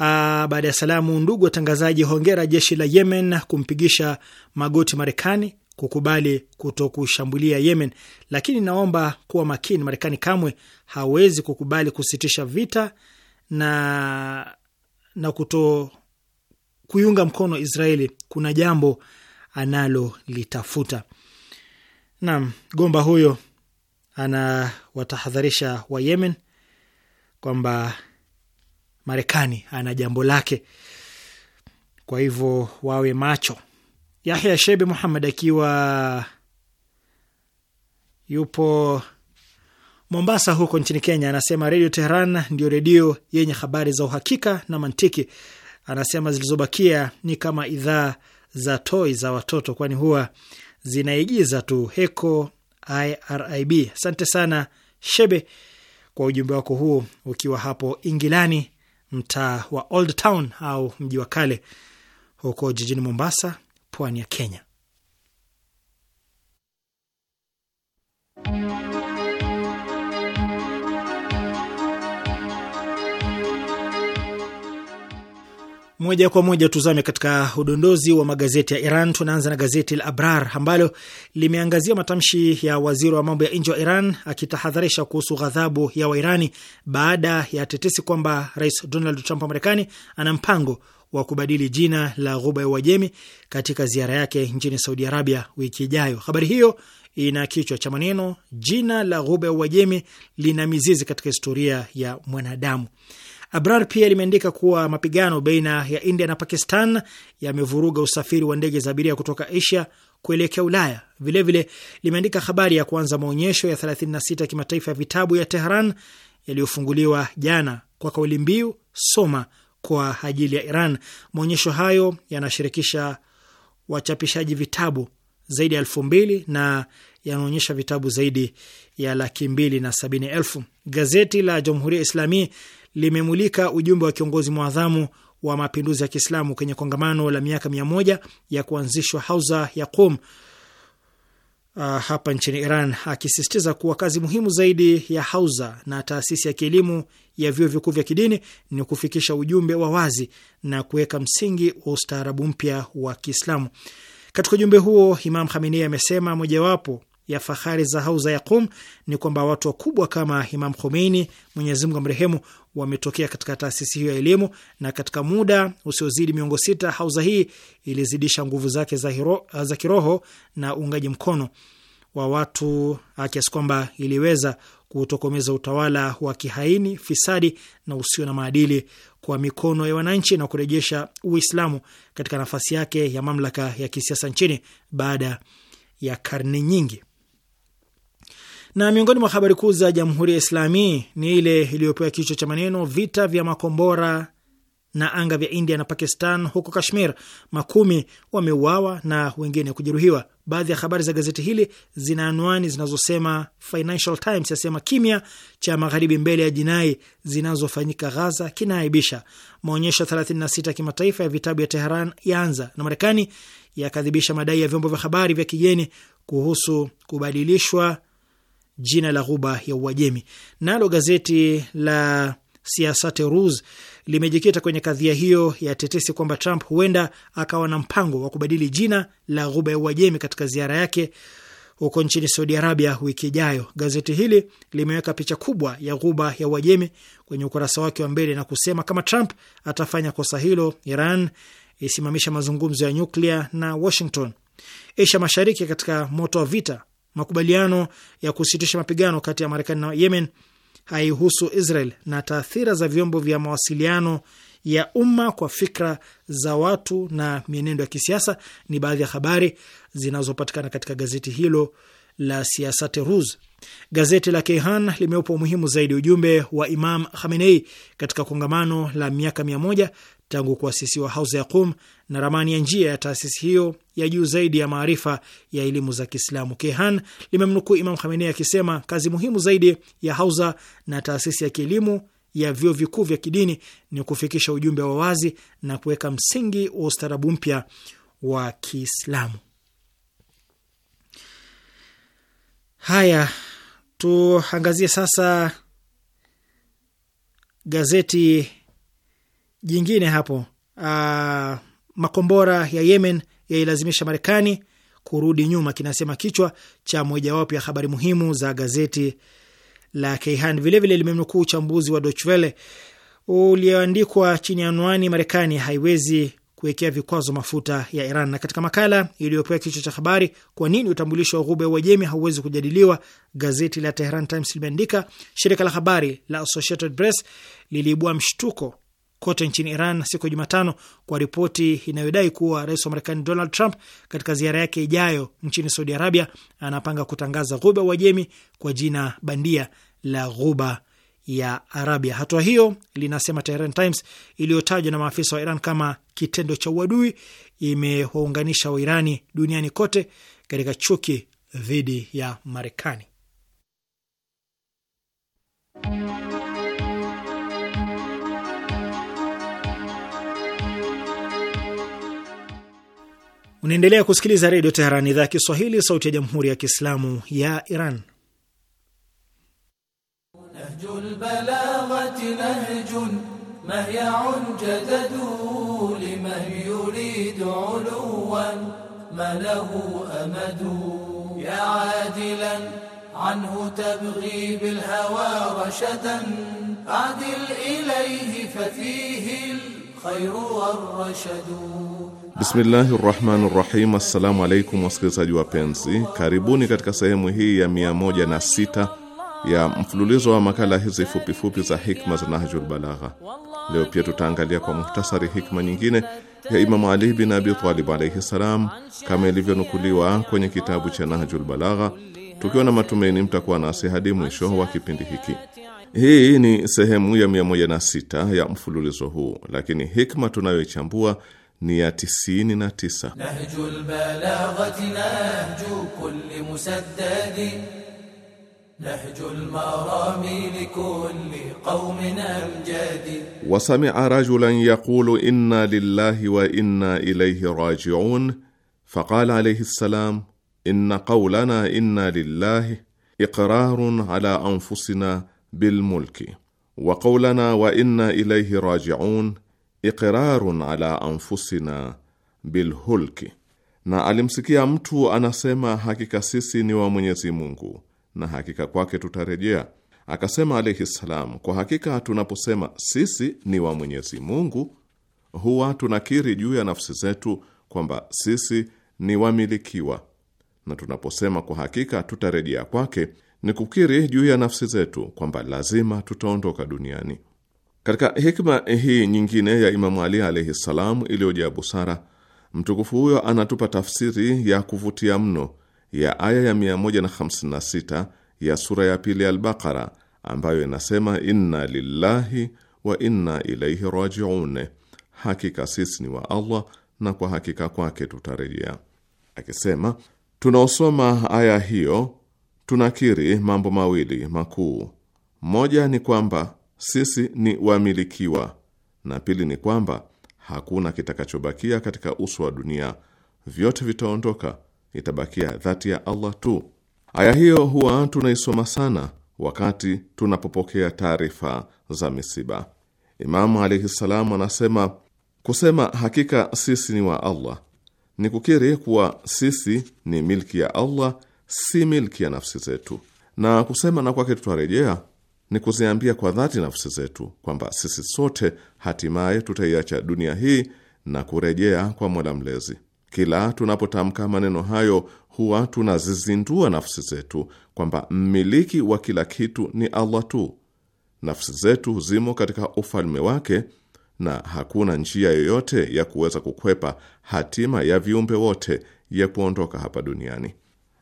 ah, baada ya salamu, ndugu watangazaji, hongera jeshi la Yemen kumpigisha magoti Marekani kukubali kutokushambulia Yemen, lakini naomba kuwa makini, Marekani kamwe hawezi kukubali kusitisha vita na, na kuto kuiunga mkono Israeli. Kuna jambo analolitafuta. Naam, gomba huyo anawatahadharisha wa Yemen kwamba Marekani ana jambo lake, kwa hivyo wawe macho. Yahya Shebe Muhammad akiwa yupo Mombasa huko nchini Kenya anasema Redio Tehran ndio redio yenye habari za uhakika na mantiki. Anasema zilizobakia ni kama idhaa za toi za watoto, kwani huwa zinaigiza tu. Heko IRIB. Asante sana Shebe kwa ujumbe wako huo, ukiwa hapo Ingilani, mtaa wa Old Town au mji wa kale huko jijini Mombasa pwani ya Kenya. Moja kwa moja tuzame katika udondozi wa magazeti ya Iran. Tunaanza na gazeti la Abrar ambalo limeangazia matamshi ya waziri wa mambo ya nje wa Iran akitahadharisha kuhusu ghadhabu ya Wairani baada ya tetesi kwamba rais Donald Trump wa Marekani ana mpango wa kubadili jina la ghuba ya Uajemi katika ziara yake nchini Saudi Arabia wiki ijayo. Habari hiyo ina kichwa cha maneno, jina la ghuba ya Uajemi lina mizizi katika historia ya mwanadamu. Abrar pia limeandika kuwa mapigano baina ya India na Pakistan yamevuruga usafiri wa ndege za abiria kutoka Asia kuelekea Ulaya. Vilevile limeandika habari ya kuanza maonyesho ya 36 kimataifa ya vitabu ya Tehran yaliyofunguliwa jana kwa kauli mbiu soma kwa ajili ya Iran. Maonyesho hayo yanashirikisha wachapishaji vitabu zaidi ya elfu mbili na yanaonyesha vitabu zaidi ya laki mbili na sabini elfu. Gazeti la Jamhuri ya Islami limemulika ujumbe wa kiongozi mwadhamu wa mapinduzi ya Kiislamu kwenye kongamano la miaka mia moja ya kuanzishwa Hauza ya Qum uh, hapa nchini Iran, akisisitiza kuwa kazi muhimu zaidi ya hauza na taasisi ya kielimu ya vyuo vikuu vya kidini ni kufikisha ujumbe wa wazi na kuweka msingi wa ustaarabu mpya wa Kiislamu. Katika ujumbe huo, Imam Khamenei amesema mojawapo ya fahari za hauza ya Qum ni kwamba watu wakubwa kama Imam Khomeini, Mwenyezi Mungu amrehemu, wametokea katika taasisi hiyo ya elimu, na katika muda usiozidi miongo sita hauza hii ilizidisha nguvu zake za, hiro, za kiroho na uungaji mkono wa watu kiasi kwamba iliweza kutokomeza utawala wa kihaini, fisadi na usio na maadili kwa mikono ya wananchi na kurejesha Uislamu katika nafasi yake ya mamlaka ya kisiasa nchini baada ya karne nyingi. Na miongoni mwa habari kuu za Jamhuri ya Islami ni ile iliyopewa kichwa cha maneno vita vya makombora na anga vya India na Pakistan huko Kashmir, makumi wameuawa na wengine kujeruhiwa. Baadhi ya habari za gazeti hili zina anwani zinazosema Financial Times yasema kimya cha magharibi mbele ya jinai zinazofanyika Ghaza kinaaibisha. Maonyesho 36 ya kimataifa ya vitabu ya Teheran yaanza, na Marekani yakadhibisha madai ya vyombo vya habari vya kigeni kuhusu kubadilishwa jina la ghuba ya Uajemi. Nalo gazeti la Siasate Rus limejikita kwenye kadhia hiyo ya tetesi kwamba Trump huenda akawa na mpango wa kubadili jina la ghuba ya Uajemi katika ziara yake huko nchini Saudi Arabia wiki ijayo. Gazeti hili limeweka picha kubwa ya ghuba ya Uajemi kwenye ukurasa wake wa mbele na kusema kama Trump atafanya kosa hilo, Iran isimamisha mazungumzo ya nyuklia na Washington. Asia Mashariki katika moto wa vita makubaliano ya kusitisha mapigano kati ya Marekani na Yemen haihusu Israel na taathira za vyombo vya mawasiliano ya umma kwa fikra za watu na mienendo ya kisiasa ni baadhi ya habari zinazopatikana katika gazeti hilo la Siasate Ruz. Gazeti la Kehan limeupa umuhimu zaidi ujumbe wa Imam Khamenei katika kongamano la miaka mia moja tangu kuasisiwa hauza ya Qum na ramani ya njia ya taasisi hiyo ya juu zaidi ya maarifa ya elimu za Kiislamu. Kehan limemnukuu Imam Khamenei akisema kazi muhimu zaidi ya hauza na taasisi ya kielimu ya vyuo vikuu vya kidini ni kufikisha ujumbe wa wazi na kuweka msingi wa ustaarabu mpya wa Kiislamu. Haya, tuangazie sasa gazeti jingine hapo, uh, makombora ya Yemen yailazimisha Marekani kurudi nyuma, kinasema kichwa cha mojawapo ya habari muhimu za gazeti la Kayhan. Vilevile limemnukuu uchambuzi wa Deutsche Welle ulioandikwa chini ya anwani Marekani haiwezi kuwekea vikwazo mafuta ya Iran, na katika makala iliyopewa kichwa cha habari kwa nini utambulisho wa ghuba ya Uajemi hauwezi kujadiliwa, gazeti la Tehran Times limeandika, shirika la habari la Associated Press liliibua mshtuko kote nchini Iran siku ya Jumatano kwa ripoti inayodai kuwa rais wa Marekani Donald Trump katika ziara yake ijayo nchini Saudi Arabia anapanga kutangaza ghuba Uajemi kwa jina bandia la ghuba ya Arabia. Hatua hiyo, linasema Tehran Times, iliyotajwa na maafisa wa Iran kama kitendo cha uadui, imewaunganisha Wairani duniani kote katika chuki dhidi ya Marekani. Unaendelea kusikiliza Redio Teheran, idhaa ya Kiswahili, sauti ya Jamhuri ya Kiislamu ya Iran. Bismillahi rahmani rahim. Assalamu alaikum wasikilizaji wapenzi, karibuni katika sehemu hii ya 106 ya mfululizo wa makala hizi fupifupi za hikma za Nahjul Balagha. Leo pia tutaangalia kwa muhtasari hikma nyingine ya Imamu Ali bin Abi Talib alaihi salam, kama ilivyonukuliwa kwenye kitabu cha Nahjul Balagha, tukiwa na matumaini mtakuwa nasi hadi mwisho wa kipindi hiki. Hii ni sehemu ya 106 ya mfululizo huu, lakini hikma tunayoichambua ni ya tisini na tisa. Nahjul balaghati nahju kulli musaddadi nahjul marami likulli qaumin amjadi. Wasamia rajulan yaqulu inna lillahi wa inna ilayhi raji'un faqala alayhi salam inna qawlana inna lillahi iqrarun ala anfusina bilmulki wa qawlana wa inna ilayhi raji'un iqrarun ala anfusina bilhulki, na alimsikia mtu anasema hakika sisi ni wa Mwenyezi Mungu na hakika kwake tutarejea. Akasema alayhi salam, kwa hakika tunaposema sisi ni wa Mwenyezi Mungu huwa tunakiri juu ya nafsi zetu kwamba sisi ni wamilikiwa, na tunaposema kwa hakika tutarejea kwake ni kukiri juu ya nafsi zetu kwamba lazima tutaondoka duniani. Katika hikma hii nyingine ya Imamu Ali alaihi ssalam iliyojaa busara, mtukufu huyo anatupa tafsiri ya kuvutia mno ya aya ya 156 ya sura ya pili ya Albakara ambayo inasema inna lillahi wa inna ilaihi rajiun, hakika sisi ni wa Allah na kwa hakika kwake tutarejea. Akisema tunaosoma aya hiyo tunakiri mambo mawili makuu. Moja ni kwamba sisi ni wamilikiwa, na pili ni kwamba hakuna kitakachobakia katika uso wa dunia, vyote vitaondoka, itabakia dhati ya Allah tu. Aya hiyo huwa tunaisoma sana wakati tunapopokea taarifa za misiba. Imamu alaihi ssalam anasema kusema hakika sisi ni wa Allah ni kukiri kuwa sisi ni milki ya Allah, si milki ya nafsi zetu, na kusema na kwake tutarejea ni kuziambia kwa dhati nafsi zetu kwamba sisi sote hatimaye tutaiacha dunia hii na kurejea kwa Mola Mlezi. Kila tunapotamka maneno hayo, huwa tunazizindua nafsi zetu kwamba mmiliki wa kila kitu ni Allah tu. Nafsi zetu zimo katika ufalme wake na hakuna njia yoyote ya kuweza kukwepa hatima ya viumbe wote ya kuondoka hapa duniani.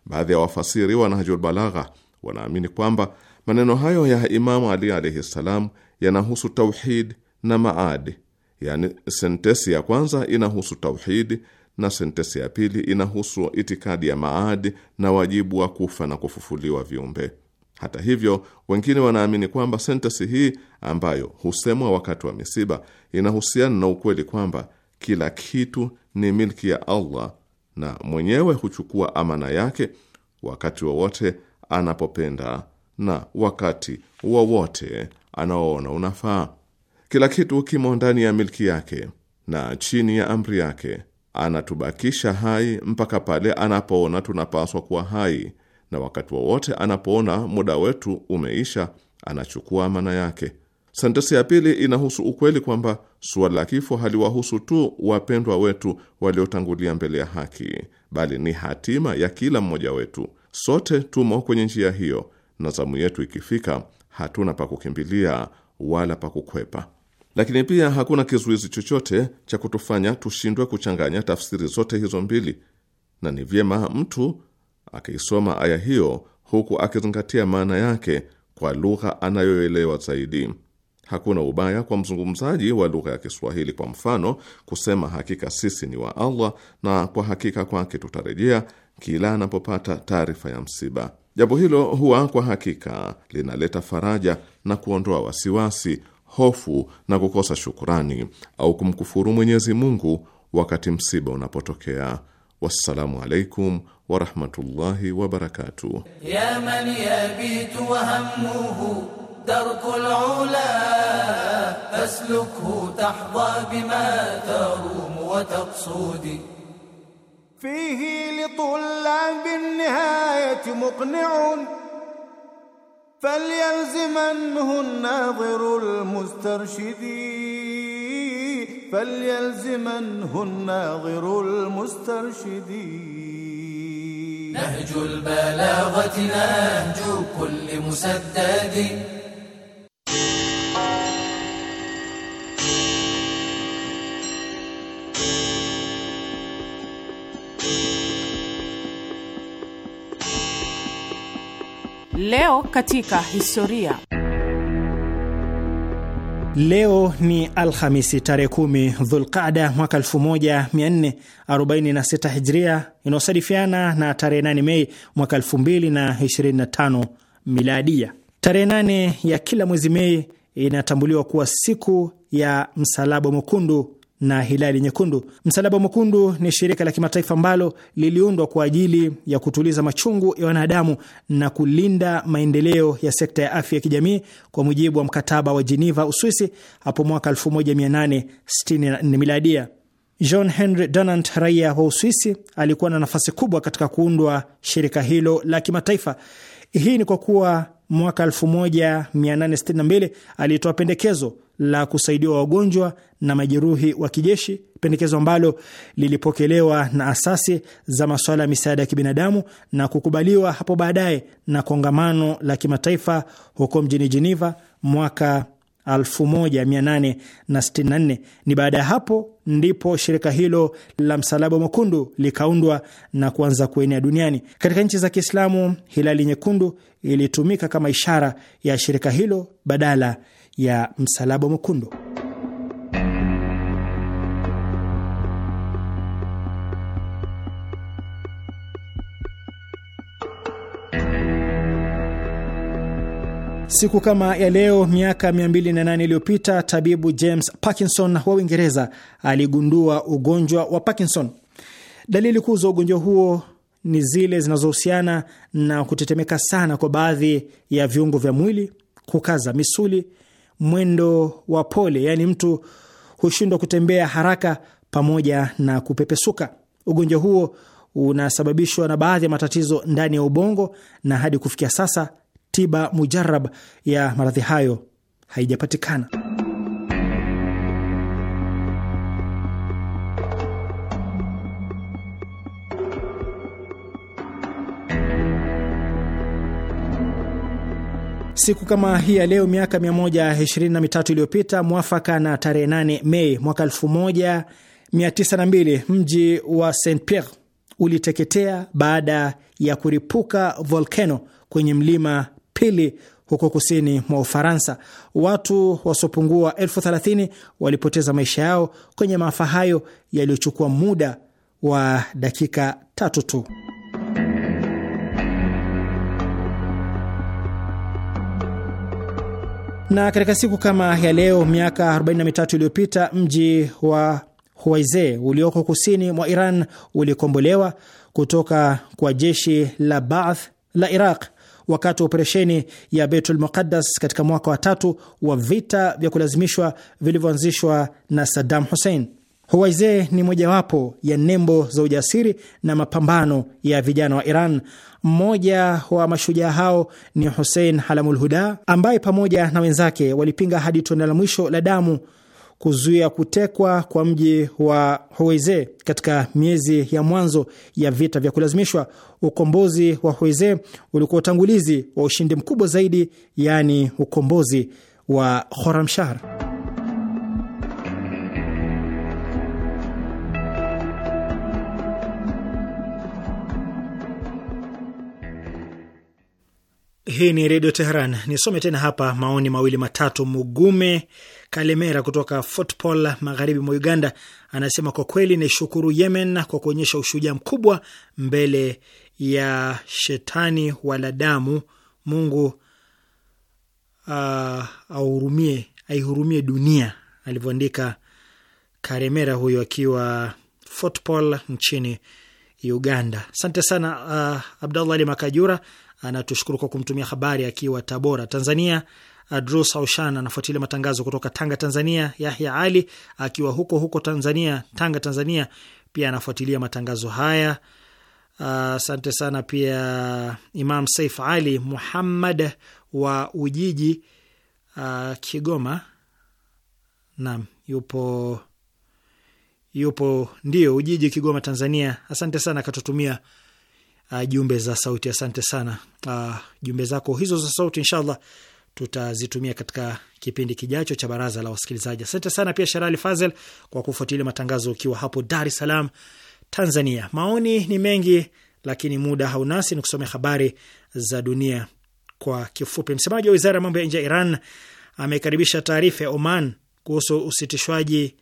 Baadhi ya wafasiri wa Nahjul Balagha wanaamini kwamba Maneno hayo ya Imamu Ali alaihi ssalam yanahusu tauhid na maadi, yaani sentesi ya kwanza inahusu tauhid na sentesi ya pili inahusu itikadi ya maadi na wajibu wa kufa na kufufuliwa viumbe. Hata hivyo, wengine wanaamini kwamba sentesi hii ambayo husemwa wakati wa misiba inahusiana na ukweli kwamba kila kitu ni milki ya Allah na mwenyewe huchukua amana yake wakati wowote wa anapopenda na wakati wowote anaoona unafaa. Kila kitu kimo ndani ya milki yake na chini ya amri yake. Anatubakisha hai mpaka pale anapoona tunapaswa kuwa hai, na wakati wowote anapoona muda wetu umeisha, anachukua mana yake. Sentensi ya pili inahusu ukweli kwamba suala la kifo haliwahusu tu wapendwa wetu waliotangulia mbele ya haki, bali ni hatima ya kila mmoja wetu. Sote tumo kwenye njia hiyo na zamu yetu ikifika, hatuna pa kukimbilia wala pa kukwepa. Lakini pia hakuna kizuizi chochote cha kutufanya tushindwe kuchanganya tafsiri zote hizo mbili, na ni vyema mtu akiisoma aya hiyo huku akizingatia maana yake kwa lugha anayoelewa zaidi. Hakuna ubaya kwa mzungumzaji wa lugha ya Kiswahili, kwa mfano, kusema hakika sisi ni wa Allah na kwa hakika kwake tutarejea, kila anapopata taarifa ya msiba. Jambo hilo huwa kwa hakika linaleta faraja na kuondoa wasiwasi, hofu na kukosa shukurani au kumkufuru Mwenyezi Mungu wakati msiba unapotokea. Wassalamu alaikum warahmatullahi wabarakatuh. darkul ula faslukhu tahda bima tarum wa taqsudi فيه لطلاب النهاية مقنع فليلزمنه الناظر المسترشد فليلزمنه الناظر المسترشد نهج البلاغة نهج كل مسدد Leo katika historia. Leo ni Alhamisi tarehe kumi Dhulqada mwaka 1446 Hijria, inayosadifiana na tarehe 8 Mei mwaka 2025 Miladia. Tarehe nane ya kila mwezi Mei inatambuliwa kuwa siku ya Msalaba Mwekundu na Hilali Nyekundu. Msalaba Mwekundu ni shirika la kimataifa ambalo liliundwa kwa ajili ya kutuliza machungu ya wanadamu na kulinda maendeleo ya sekta ya afya ya kijamii kwa mujibu wa mkataba wa Jeneva, Uswisi, hapo mwaka 1864 miladia. John Henry Dunant, raia wa Uswisi, alikuwa na nafasi kubwa katika kuundwa shirika hilo la kimataifa. Hii ni kwa kuwa mwaka 1862 alitoa pendekezo la kusaidiwa wagonjwa na majeruhi wa kijeshi, pendekezo ambalo lilipokelewa na asasi za masuala ya misaada ya kibinadamu na kukubaliwa hapo baadaye na kongamano la kimataifa huko mjini Geneva mwaka 1864. Ni baada ya hapo ndipo shirika hilo la Msalaba Mwekundu likaundwa na kuanza kuenea duniani. Katika nchi za Kiislamu, hilali nyekundu ilitumika kama ishara ya shirika hilo badala ya Msalaba Mwekundu. Siku kama ya leo miaka 208 iliyopita tabibu James Parkinson wa Uingereza aligundua ugonjwa wa Parkinson. Dalili kuu za ugonjwa huo ni zile zinazohusiana na kutetemeka sana kwa baadhi ya viungo vya mwili, kukaza misuli, mwendo wa pole, yaani mtu hushindwa kutembea haraka pamoja na kupepesuka. Ugonjwa huo unasababishwa na baadhi ya matatizo ndani ya ubongo, na hadi kufikia sasa tiba mujarab ya maradhi hayo haijapatikana. Siku kama hii ya leo miaka 123 iliyopita, mwafaka na tarehe 8 Mei mwaka 1902, mji wa st Pierre uliteketea baada ya kuripuka volcano kwenye mlima Pili huko kusini mwa Ufaransa. Watu wasiopungua elfu thelathini walipoteza maisha yao kwenye maafa hayo yaliyochukua muda wa dakika tatu tu. Na katika siku kama ya leo miaka 43 iliyopita mji wa Huwaize ulioko kusini mwa Iran ulikombolewa kutoka kwa jeshi la Baath la Iraq wakati wa operesheni ya Beitul Muqaddas katika mwaka wa tatu wa vita vya kulazimishwa vilivyoanzishwa na Saddam Hussein. Huwaize ni mojawapo ya nembo za ujasiri na mapambano ya vijana wa Iran mmoja wa mashujaa hao ni Hussein Halamul Huda ambaye pamoja na wenzake walipinga hadi tone la mwisho la damu kuzuia kutekwa kwa mji wa Huweize katika miezi ya mwanzo ya vita vya kulazimishwa. Ukombozi wa Huweize ulikuwa utangulizi wa ushindi mkubwa zaidi, yaani ukombozi wa Khorramshahr. Hii ni Redio Teheran. Nisome tena hapa maoni mawili matatu. Mugume Kalemera kutoka Fort magharibi mwa Uganda, anasema kwa kweli naishukuru Yemen kwa kuonyesha ushujaa mkubwa mbele ya shetani damu Mungu uh, aihurumie dunia, alivyoandika Karemera huyo akiwa Fort nchini Uganda. Asante sana uh, Abdallah Ali Makajura anatushukuru kwa kumtumia habari akiwa Tabora, Tanzania. Adrus Aushan anafuatilia matangazo kutoka Tanga, Tanzania. Yahya Ali akiwa huko huko Tanzania, Tanga, Tanzania, pia anafuatilia matangazo haya. Uh, asante uh, sana pia Imam Saif Ali Muhammad wa Ujiji, uh, Kigoma. Naam, yupo yupo, ndio Ujiji, Kigoma, Tanzania. Asante sana, akatutumia uh, jumbe za sauti. Asante sana uh, jumbe zako hizo za sauti, inshallah tutazitumia katika kipindi kijacho cha baraza la wasikilizaji. Asante sana pia Sharali Fazel kwa kufuatilia matangazo ukiwa hapo Dar es Salaam, Tanzania. Maoni ni mengi, lakini muda haunasi. Ni kusomea habari za dunia kwa kifupi. Msemaji wa wizara ya mambo ya nje ya Iran amekaribisha taarifa ya Oman kuhusu usitishwaji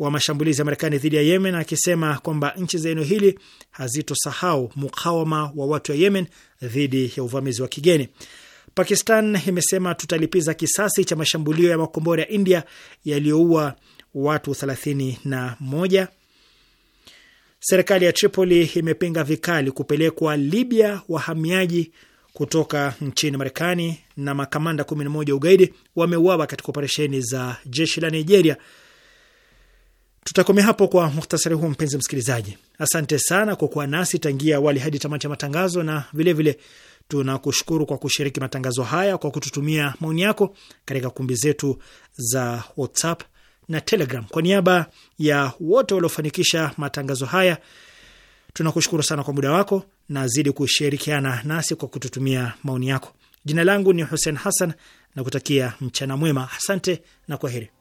wa mashambulizi ya Marekani dhidi ya Yemen, akisema kwamba nchi za eneo hili hazitosahau mukawama wa watu wa Yemen dhidi ya uvamizi wa kigeni. Pakistan imesema tutalipiza kisasi cha mashambulio ya makombora ya India yaliyoua watu 31. Serikali ya Tripoli imepinga vikali kupelekwa Libya wahamiaji kutoka nchini Marekani, na makamanda 11 ugaidi wameuawa katika operesheni za jeshi la Nigeria. Tutakomea hapo kwa muhtasari huu, mpenzi msikilizaji. Asante sana kwa kuwa nasi tangia awali hadi tamati ya matangazo, na vilevile tunakushukuru kwa kushiriki matangazo haya kwa kututumia maoni yako katika kumbi zetu za WhatsApp na Telegram. Kwa niaba ya wote waliofanikisha matangazo haya, tunakushukuru sana kwa muda wako, na zidi kushirikiana nasi kwa kututumia maoni yako. Jina langu ni Hussein Hassan na kutakia mchana mwema. Asante na kwaheri.